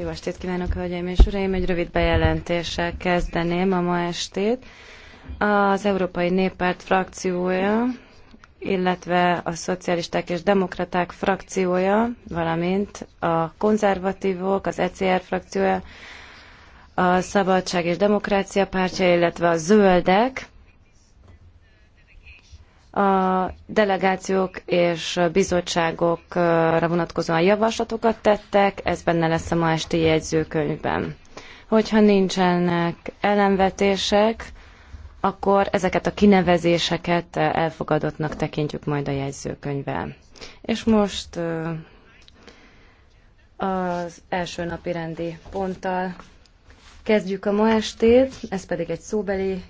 Jó estét kívánok, hölgyeim és uraim! Egy rövid bejelentéssel kezdeném a ma estét. Az Európai Néppárt frakciója, illetve a Szocialisták és Demokraták frakciója, valamint a konzervatívok, az ECR frakciója, a Szabadság és Demokrácia pártja, illetve a Zöldek, a delegációk és bizottságokra vonatkozóan javaslatokat tettek, ez benne lesz a ma esti jegyzőkönyvben. Hogyha nincsenek ellenvetések, akkor ezeket a kinevezéseket elfogadottnak tekintjük majd a jegyzőkönyvvel. És most az első napi rendi ponttal kezdjük a ma estét, ez pedig egy szóbeli